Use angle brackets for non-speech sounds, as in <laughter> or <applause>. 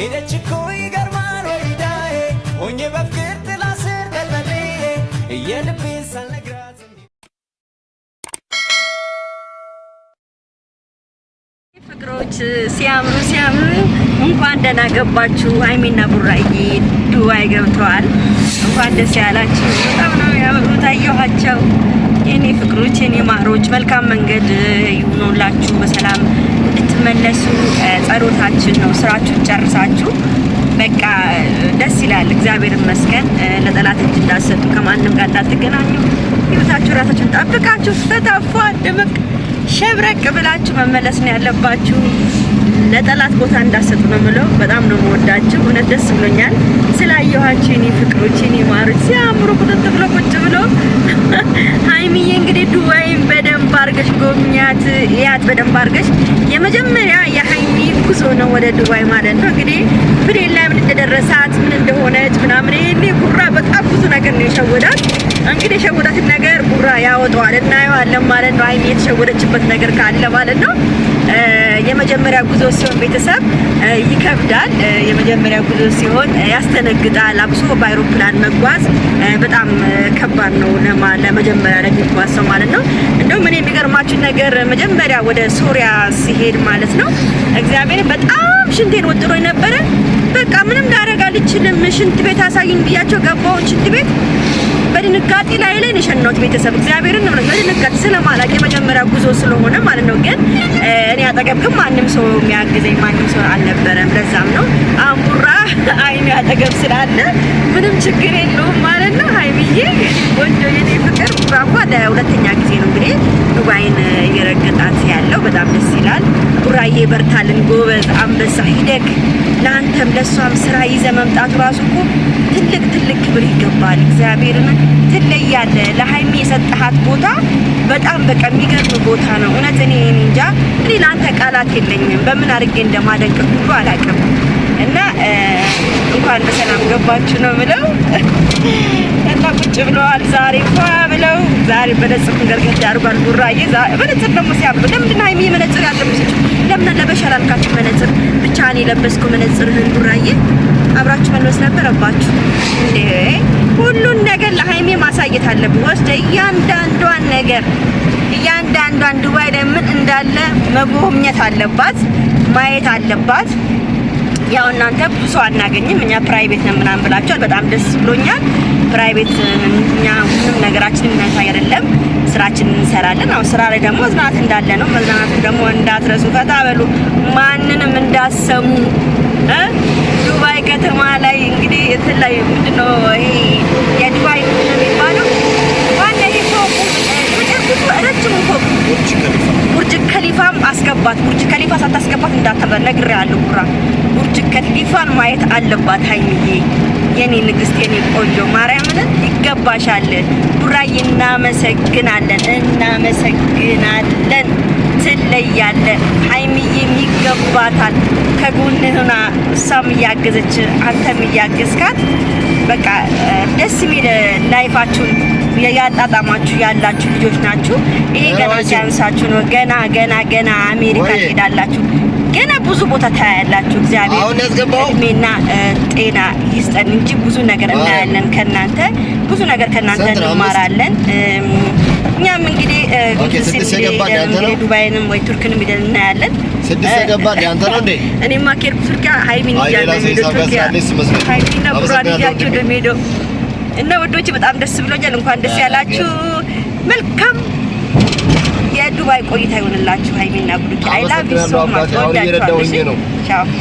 ሄደች እኮ ይገርማል ሆኜ በፍቅር ጥላ ስር የልቤን ሳልነግራት ፍቅሮች ሲያምሩ ሲያምሩ እንኳን ደህና ገባችሁ። ሀይሚና ቡራዬ ዱባይ ገብተዋል። እንኳን ደስ ያላችሁ። በጣም ነው አየኋቸው። የኔ ፍቅሮች፣ የኔ ማሮች መልካም መንገድ ይሁኑላችሁ በሰላም ስትመለሱ ጸሎታችን ነው። ስራችሁን ጨርሳችሁ በቃ ደስ ይላል። እግዚአብሔር ይመስገን። ለጠላት እጅ እንዳሰጡ ከማንም ጋር እንዳትገናኙ፣ ህይወታችሁ ራሳችሁን ጠብቃችሁ ፈታፏ ድምቅ ሸብረቅ ብላችሁ መመለስ ነው ያለባችሁ። ለጠላት ቦታ እንዳሰጡ ነው የምለው። በጣም ነው የምወዳችሁ። እውነት ደስ ብሎኛል ስላየኋችሁ። እኔ ፍቅሮች፣ እኔ ማሮች ሲያምሩ ቁጥጥ ብሎ ቁጭ ብሎ <laughs> ሀይሚዬ እንግዲህ ዱባይ ሰዓት እያት በደንብ አድርገሽ የመጀመሪያ የሀይሚ ጉዞ ነው ወደ ዱባይ ማለት ነው። እንግዲህ ፍሬን ላይ ምን እንደደረሳት ምን እንደሆነች ምናምን ይሄኔ ቡራ በጣም ብዙ ነገር ነው የሸወዳት። እንግዲህ የሸወዳትን ነገር ቡራ ያወጣዋል እናየዋለን ማለት ነው። ሀይሚ የተሸወደችበት ነገር ካለ ማለት ነው። የመጀመሪያ ጉዞ ሲሆን ቤተሰብ ይከብዳል። የመጀመሪያ ጉዞ ሲሆን ያስተነግጣል። አብሶ በአይሮፕላን መጓዝ በጣም ከባድ ነው ለመጀመሪያ ለሚጓዝ ሰው ማለት ነው። እንደውም ምን የሚገርማችሁ ነገር መጀመሪያ ወደ ሶሪያ ሲሄድ ማለት ነው እግዚአብሔር በጣም ሽንቴን ወጥሮ የነበረ በቃ ምንም ላደርግ አልችልም። ሽንት ቤት አሳዩኝ ብያቸው ገባሁ ሽንት ቤት። በድንጋጤ ላይ ላይ ነው የሸናሁት ቤተሰብ እግዚአብሔርን ነው በድንጋጤ ስለማላውቅ የመጀመሪያ ጉዞ ስለሆነ ማለት ነው። ግን እኔ አጠገብ ግን ማንም ሰው የሚያግዘኝ ማንም ሰው አልነበረም። ለዛም ነው አምቡራ አይኔ አጠገብ ስላለ ምንም ችግር የለውም ማለት ነው። እግሬን እየረገጣት ያለው በጣም ደስ ይላል። ቡራዬ በርታልን፣ ጎበዝ አንበሳ ሂደክ። ለአንተም ለእሷም ስራ ይዘ መምጣቱ ራሱ እኮ ትልቅ ትልቅ ክብር ይገባል። እግዚአብሔርን ትለያለ። ለሀይሚ የሰጠሃት ቦታ በጣም በቃ የሚገርም ቦታ ነው። እውነት እኔ እንጃ እኔ ለአንተ ቃላት የለኝም። በምን አድርጌ እንደማደንቅ ሁሉ አላውቅም። እና እንኳን በሰላም ገባችሁ ነው ብለው <laughs> እና ቁጭ ብለዋል ዛሬ ብለው ዛሬ መነጽር እንደርገት ያርጓል ጉራዬ መነጽር ደግሞ ሲያብር ለምንድን ነው ሀይሚዬ መነጽር ያለበሰች? ለምን ለበሻል አልካችሁ መነጽር ብቻ እኔ ለበስኩ መነጽርህን ጉራዬ። አብራችሁ መልበስ ነበረባችሁ እንዴ! ሁሉን ነገር ለሀይሜ ማሳየት አለብን። ወስደ እያንዳንዷን ነገር እያንዳንዷን ዱባይ ላይ እንዳለ መጎብኘት አለባት፣ ማየት አለባት። ያው እናንተ ብዙ ሰው አናገኝም፣ እኛ ፕራይቬት ነው ምናምን ብላችኋል። በጣም ደስ ብሎኛል። ፕራይቬት እኛ ምንም ነገራችን እናታይ አይደለም፣ ስራችን እንሰራለን። አሁን ስራ ላይ ደግሞ መዝናናት እንዳለ ነው። መዝናናት ደግሞ እንዳትረሱ፣ ፈታ በሉ፣ ማንንም እንዳሰሙ ዱባይ ከተማ ላይ እንግዲህ እንትን ላይ ምንድነው ይሄ የዱባይ ምንድነው ቡርጅ ከሊፋም አስገባት። ቡርጅ ከሊፋ ሳታስገባት እንዳትበር ነግሬሃለሁ። ጉራ ቡርጅ ከሊፋን ማየት አለባት ሀይሚዬ፣ የኔ ንግስት፣ የኔ ቆንጆ ማርያምን ይገባሻል። ጉራዬ፣ እናመሰግናለን፣ እናመሰግናለን። ትለያለ ሀይሚዬ፣ ይገባታል። ከጎንህና እሷም እያገዘች አንተም እያገዝካት በቃ ደስ የሚል ላይፋችሁን ያጣጣማችሁ ያላችሁ ልጆች ናችሁ። ይሄ ገና ሲያንሳችሁ ነው። ገና ገና ገና አሜሪካ ትሄዳላችሁ። ገና ብዙ ቦታ ታያላችሁ። እግዚአብሔር እድሜና ጤና ይስጠን እንጂ ብዙ ነገር እናያለን ከናንተ ብዙ ነገር ከናንተ እንማራለን። እኛም እንግዲህ ዱባይንም ወይ ቱርክንም ሄደን እናያለን። እኔማ ኬርኩ ቱርኪያ ሀይሚን እያለ ሄደ ቱርኪያ ሀይሚና ቡራን እያቸው ደሜደው እና ወዶች በጣም ደስ ብሎኛል። እንኳን ደስ ያላችሁ። መልካም የዱባይ ቆይታ ይሆንላችሁ። ሃይሚና ብሩክ አይ ላቭ ዩ ሶ ማች።